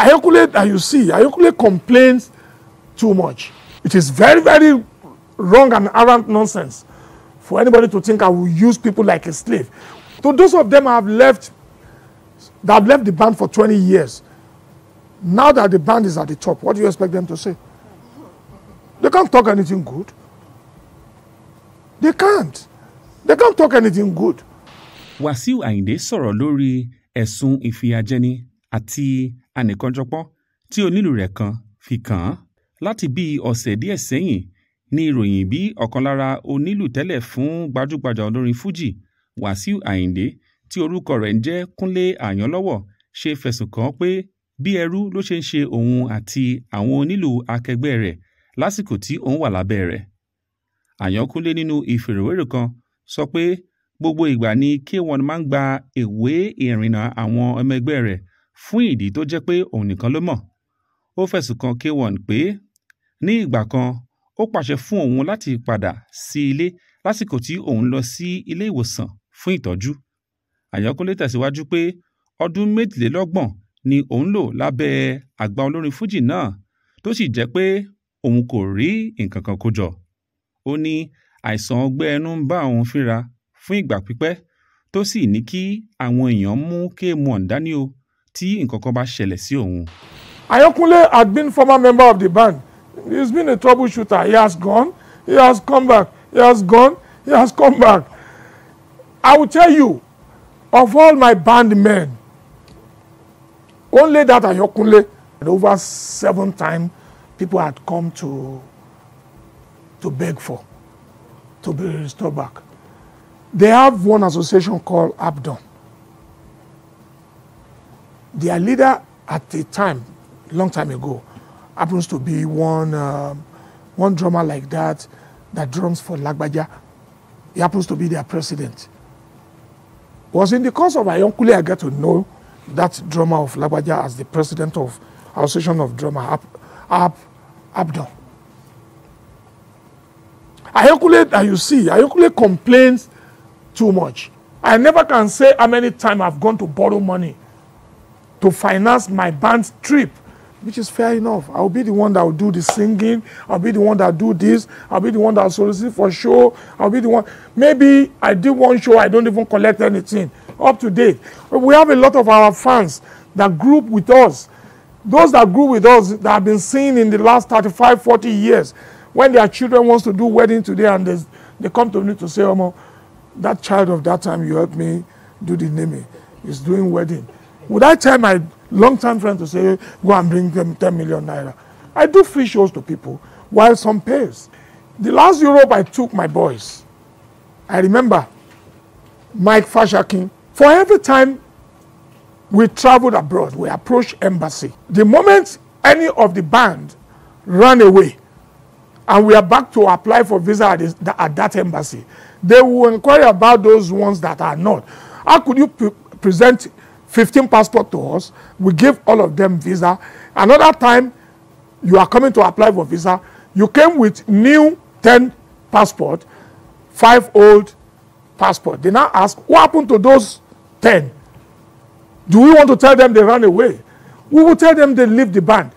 Ayokule that uh, you see, Ayokule complains too much. It is very, very wrong and arrant nonsense for anybody to think I will use people like a slave. To those of them I have left, that have left the band for 20 years, now that the band is at the top, what do you expect them to say? They can't talk anything good. They can't. They can't talk anything good. Wàsíù Àyìndé sọ̀rọ̀ lórí ẹ̀sùn ìfìyàjẹni ati anìkanjọpọ́ tí onílù rẹ̀ kan fi kàn án. láti bí ọ̀sẹ̀ díẹ̀ sẹ́yìn ni ìròyìn bí ọ̀kan lára onílù tẹ́lẹ̀ fún gbajúgbajà olórin fuji wàsíù àyìndé tí orúkọ rẹ̀ ń jẹ́ kúnlé àyànlọ́wọ̀ ṣe fẹ̀sùn kàn án pé bí ẹrú ló ṣe ń ṣe òun àti àwọn onílù akẹgbẹ́ rẹ̀ lásìkò tí òun wà lábẹ́ rẹ̀. àyànkúnlé nínú ìfèrèwérò kan sọ pé gbogbo ìgbà ni k1 máa ń gba ìwé ìrìnnà àwọn ọmọ ẹgbẹ́ rẹ̀ fún ìdí tó jẹ́ pé òun nìkan ló mọ̀ ó fẹ̀sùn kan k1 pé ní ìgbà kan ó pàṣẹ fún òun láti padà sí ilé lásìkò tí òun lọ sí ilé ìwòsàn fún ìtọ́jú àyànkúnlé tẹ̀síwájú pé ọdún méjìlélọ́gbọ̀n ni òun lò lábẹ́ àgbà olórin fújì náà tó sì jẹ́ pé òun kò rí nǹkan kan kó ó ní àìsàn ọgbẹ́ ẹnu ń bá òun fínra fún ìgbà pípẹ́ tó sì ní kí àwọn èèyàn mú kéèmù ọ̀ǹdání o tí nǹkan kan bá ṣẹlẹ̀ sí òun. Ayokunle had been former member of the band. He has been a troubleshooter. He has gone. He has come back. He has gone. He has come back. I will tell you, of all my band men, only that Ayokunle, over seven times, people had come to to beg for, to be restored back. They have one association called Abdon. Their leader at the time, long time ago, happens to be one um, one drummer like that that drums for Lagbaja. He happens to be their president. was in the course of my uncle, I got to know that drummer of Lagbaja as the president of Association of Drummer Ab, Ab, Abdon. Ayonkule that you see, Ayonkule complains too much. I never can say how many times I've gone to borrow money to finance my band trip, which is fair enough. I'll be the one that will do the singing. I'll be the one that do this. I'll be the one that will solicit for show. I'll be the one. Maybe I did one show. I don't even collect anything up to date. We have a lot of our fans that grew with us. Those that grew with us that have been seen in the last 35, 40 years, when their children wants to do wedding today and they, they come to me to say, Omo, that child of that time you helped me do the naming is doing wedding. Would I tell my long-time friend to say, go and bring them 10 million naira? I do free shows to people while some pays. The last Europe I took my boys, I remember Mike Fashakin. For every time we traveled abroad, we approached embassy. The moment any of the band ran away, and we are back to apply for visa at, this, at that embassy, they will inquire about those ones that are not. How could you pre present 15 passport to us. We give all of them visa. Another time, you are coming to apply for visa. You came with new 10 passport, five old passport. They now ask, what happened to those 10? Do we want to tell them they ran away? We will tell them they leave the band.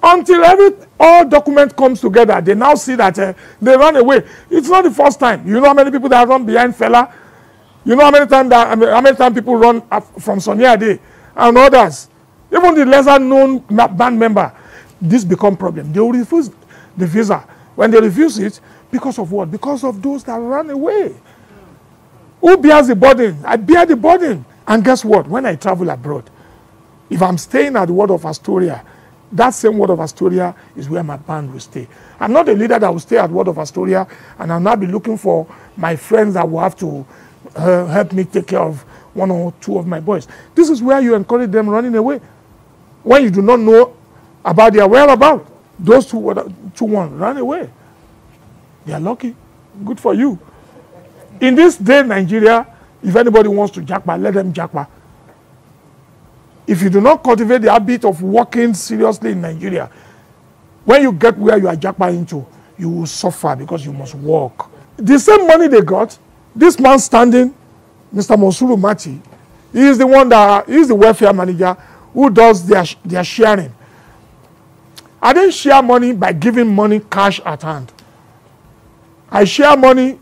Until every all document comes together, they now see that uh, they ran away. It's not the first time. You know how many people that run behind fella you know how many times that how many time people run from Sonia Day and others, even the lesser known band member, this become problem. They will refuse the visa. When they refuse it, because of what? Because of those that run away. Who bears the burden? I bear the burden. And guess what? When I travel abroad, if I'm staying at the World of Astoria, that same World of Astoria is where my band will stay. I'm not a leader that will stay at World of Astoria and I'll not be looking for my friends that will have to Uh, help me take care of one or two of my boys. This is where you encourage them running away. When you do not know about their whereabouts, those two, two ones run away. They are lucky. Good for you. In this day, Nigeria, if anybody wants to jackpot, let them jackpot. If you do not cultivate the habit of working seriously in Nigeria, when you get where you are jackpot into, you will suffer because you must work. The same money they got, this man standing, Mr. Monsuru Mati, he is the one that he is the welfare manager who does their, their sharing. I didn't share money by giving money cash at hand. I share money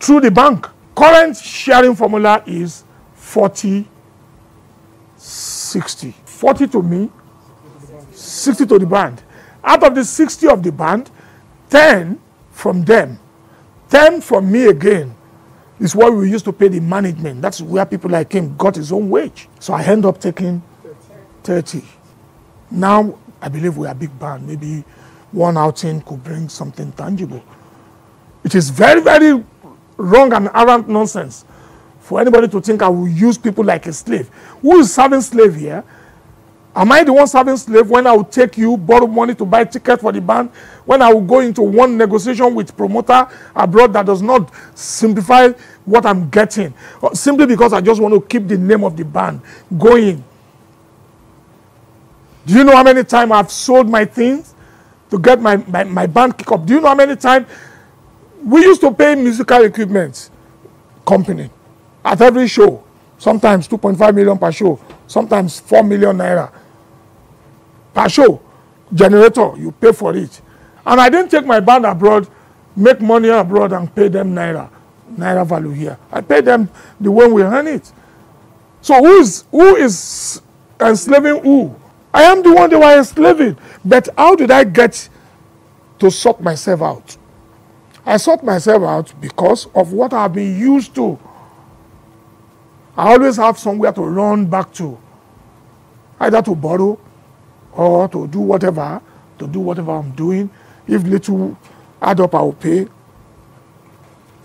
through the bank. Current sharing formula is 40 60. 40 to me, 60 to the band. Out of the 60 of the band, 10 from them Term for me again is what we used to pay the management. That's where people like him got his own wage. So I end up taking 30. Now I believe we are a big band. Maybe one outing could bring something tangible. It is very, very wrong and arrant nonsense for anybody to think I will use people like a slave. Who is serving slave here? Am I the one serving slave when I will take you, borrow money to buy ticket for the band? When I will go into one negotiation with promoter abroad that does not simplify what I'm getting? Uh, simply because I just want to keep the name of the band going. Do you know how many times I've sold my things to get my, my, my band kick up? Do you know how many times we used to pay musical equipment company at every show? Sometimes 2.5 million per show, sometimes 4 million naira per show generator you pay for it and i didn't take my band abroad make money abroad and pay them naira naira value here i pay them the way we earn it so who's who is enslaving who i am the one they were enslaving but how did i get to sort myself out i sort myself out because of what i've been used to i always have somewhere to run back to either to borrow or to do whatever, to do whatever I'm doing. If little add up, I will pay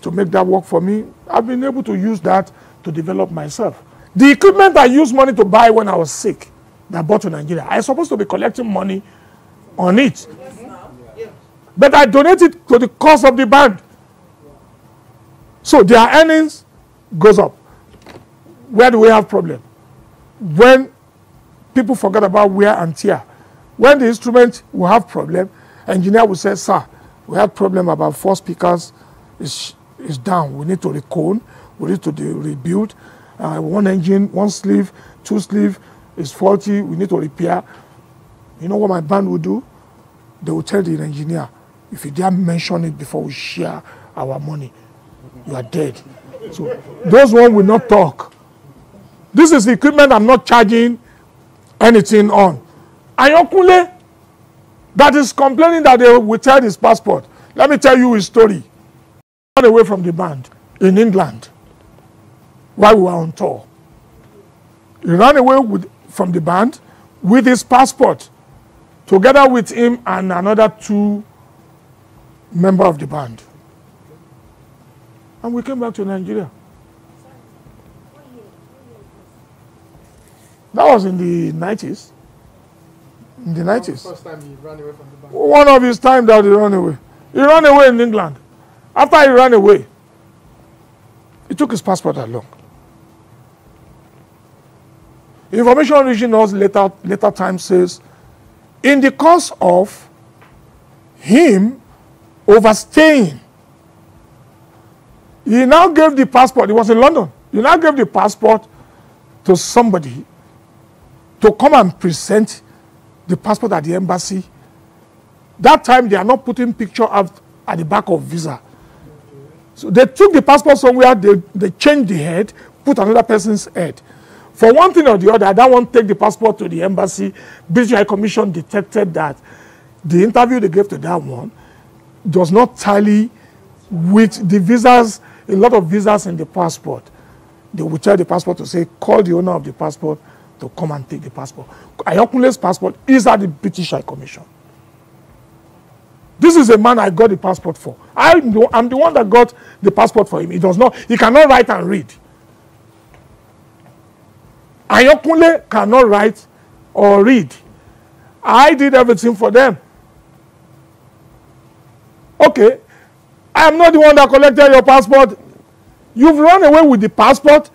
to make that work for me. I've been able to use that to develop myself. The equipment I used money to buy when I was sick, that I bought to Nigeria, I supposed to be collecting money on it. But I donated to the cause of the band. So their earnings goes up. Where do we have problem? When people forget about wear and tear. When the instrument will have problem, engineer will say, sir, we have problem about four speakers is, is down. We need to recone, we need to rebuild. Uh, one engine, one sleeve, two sleeve is faulty, we need to repair. You know what my band will do? They will tell the engineer, if you dare mention it before we share our money, you are dead. So those one will not talk. This is equipment I'm not charging anything on. Ayankunle that is complaining that they withheld his passport. Let me tell you his story. He ran away from the band in England while we were on tour. He ran away with, from the band with his passport together with him and another two member of the band. And we came back to Nigeria. That was in the 90s. In the 90s. First time he ran away from the bank. One of his time that he ran away. He ran away in England. After he ran away, he took his passport along. Information reaching us later, later time says, in the course of him overstaying, he now gave the passport. He was in London. He now gave the passport to somebody to come and present the passport at the embassy. That time, they are not putting picture up at the back of visa. So they took the passport somewhere, they, they changed the head, put another person's head. For one thing or the other, that one take the passport to the embassy. British High Commission detected that the interview they gave to that one does not tally with the visas, a lot of visas in the passport. They will tell the passport to say, call the owner of the passport to come and take the passport. Ayokunle's passport is at the British High Commission. This is a man I got the passport for. I'm the, I'm the one that got the passport for him. He does not, he cannot write and read. Ayokunle cannot write or read. I did everything for them. Okay, I am not the one that collected your passport. You've run away with the passport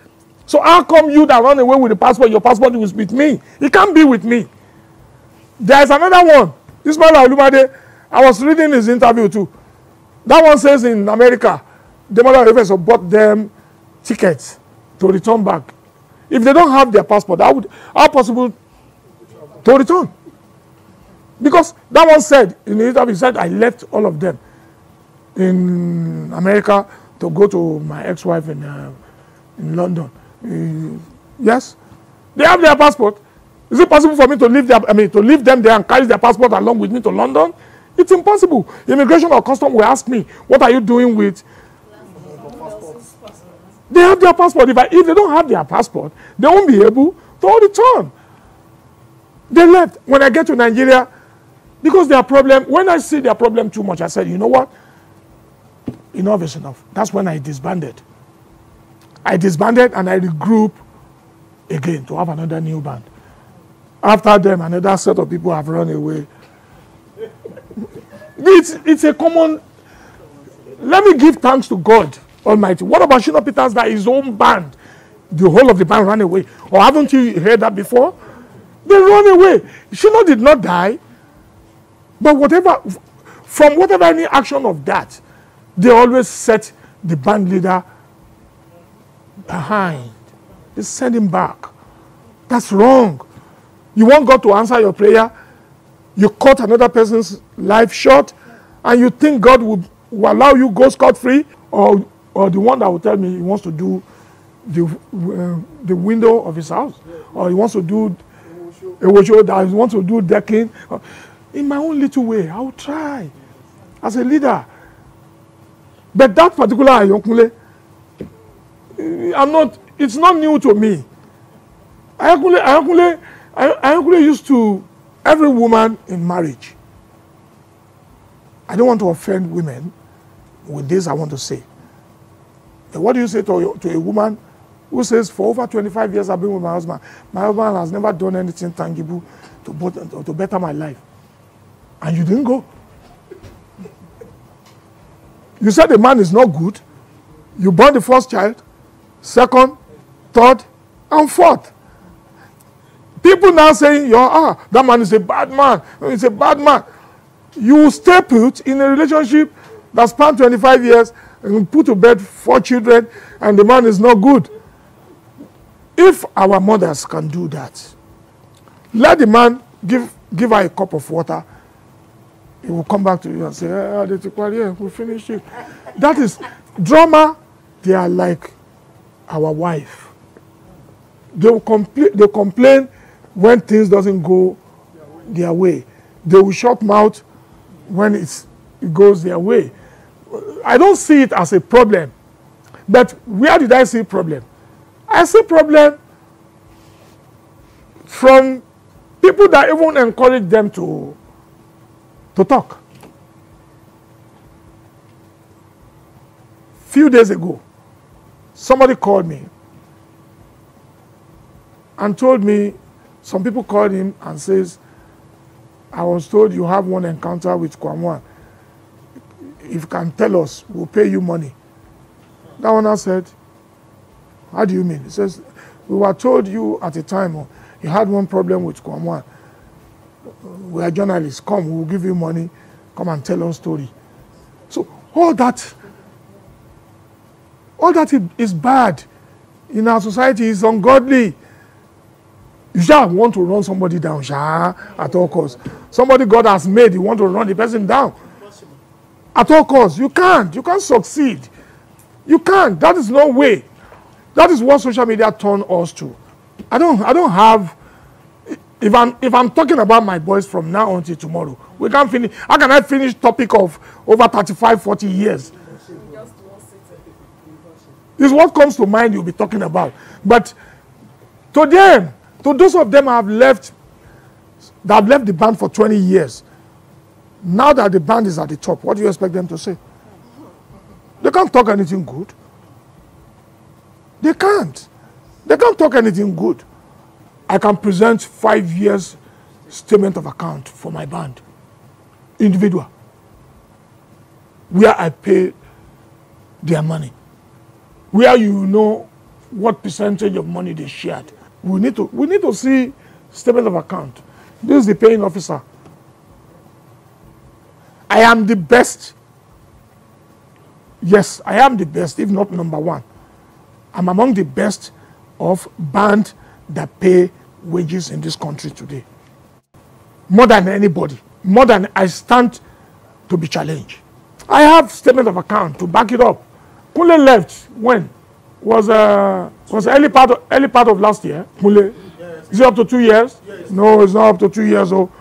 So how come you that run away with the passport, your passport is with me? It can't be with me. There's another one. This man Olumade, I was reading his interview too. That one says in America, the mother Demola Professor bought them tickets to return back. If they don't have their passport, how, would, how possible to return? Because that one said in the interview, he said, I left all of them in America to go to my ex-wife in, uh, in London. Eh, yes, they have their passport. Is it possible for me to leave their, I mean, to leave them there and carry their passport along with me to London? It's impossible. Immigration or custom will ask me, what are you doing with? They have their passport. If, I, if they don't have their passport, they won't be able to return. They left. When I get to Nigeria, because their problem, when I see their problem too much, I said, you know what? Enough is enough. That's when I disbanded. I disbanded and I regroup again to have another new band. After them, another set of people have run away. it's, it's a common. Let me give thanks to God Almighty. What about Shino Peters that his own band, the whole of the band ran away? Or haven't you heard that before? They run away. Shino did not die, but whatever, from whatever any action of that, they always set the band leader behind. Just send him back. That's wrong. You want God to answer your prayer, you cut another person's life short, and you think God would will allow you go scot-free, or, or the one that will tell me he wants to do the, uh, the window of his house, or he wants to do a wosho that he wants to do decking. In my own little way, I will try as a leader. But that particular Ayonkunle, I'm not, it's not new to me. Ayakunle, Ayakunle, Ayakunle used to every woman in marriage. I don't want to offend women. With this, I want to say. what do you say to, to a woman who says, for over 25 years I've been with my husband. My husband has never done anything tangible to, both, to better my life. And you didn't go. You said the man is not good. You born the first child second, third, and fourth. People now saying, "Your ah, that man is a bad man. He's a bad man." You stay put in a relationship that spans 25 years and put to bed four children, and the man is not good. If our mothers can do that, let the man give give her a cup of water. He will come back to you and say, "Ah, ah the we finished it." That is drama. They are like our wife. They, will compl they complain when things doesn't go their way. They will shut mouth when it's, it goes their way. I don't see it as a problem. But where did I see problem? I see problem from people that even encourage them to, to talk. Few days ago, somebody called me and told me some people called him and says i was told you have one encounter with Kwamwa. if you can tell us we'll pay you money that one I said how do you mean he says we were told you at a time oh, you had one problem with Kwamwa. we are journalists come we'll give you money come and tell us story so all that All that is bad in our society, is ungodly. You shall want to run somebody down, shall at all costs. Somebody God has made, you want to run the person down. At all costs, you can't. You can't succeed. You can't. That is no way. That is what social media turned us to. I don't. I don't have. If I'm if I'm talking about my boys from now until tomorrow, we can't finish. How can I finish topic of over 35, 40 years? is what comes to mind you'll be talking about. But to them, to those of them have left, that have left the band for 20 years, now that the band is at the top, what do you expect them to say? They can't talk anything good. They can't. They can't talk anything good. I can present five years statement of account for my band, individual, where I pay their money. where you know what percentage of money they shared. We need to, we need to see statement of account. This is the paying officer. I am the best. Yes, I am the best, if not number one. I'm among the best of band that pay wages in this country today. More than anybody. More than I stand to be challenged. I have statement of account to back it up. Kunle left when? Was uh, was early part of, early part of last year. Kunle, is it up to two years? No, it's not up to two years. Oh,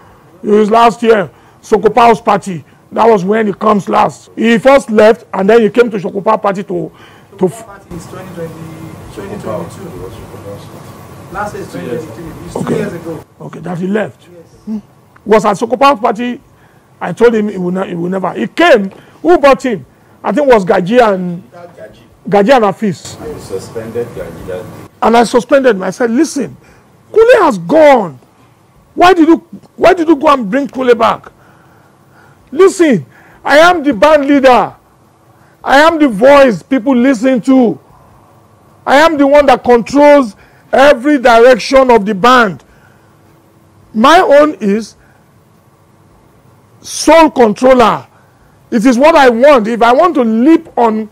it was last year. Sokopao's party. That was when he comes last. He first left and then he came to Sokopa party to to. Party is 2020, 2022. Last year is 2023. It's okay. two years ago. Okay, that he left. Yes. Hmm? Was at Sokopa party. I told him he will, not, he will never. He came. Who bought him? I think it was Gaji and Gaji, and Afis. I suspended Gaji And I suspended him. I said, listen, Kule has gone. Why did you why did you go and bring Kule back? Listen, I am the band leader. I am the voice people listen to. I am the one that controls every direction of the band. My own is sole controller. It is what I want. If I want to leap on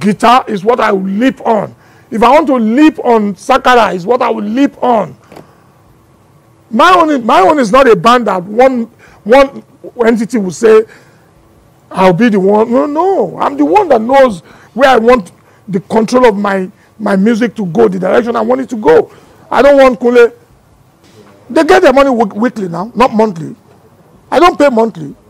guitar, is what I will leap on. If I want to leap on Sakara, is what I will leap on. My own, my own is not a band that one, one entity will say, I'll be the one. No, no. I'm the one that knows where I want the control of my, my music to go, the direction I want it to go. I don't want Kule. They get their money weekly now, not monthly. I don't pay monthly.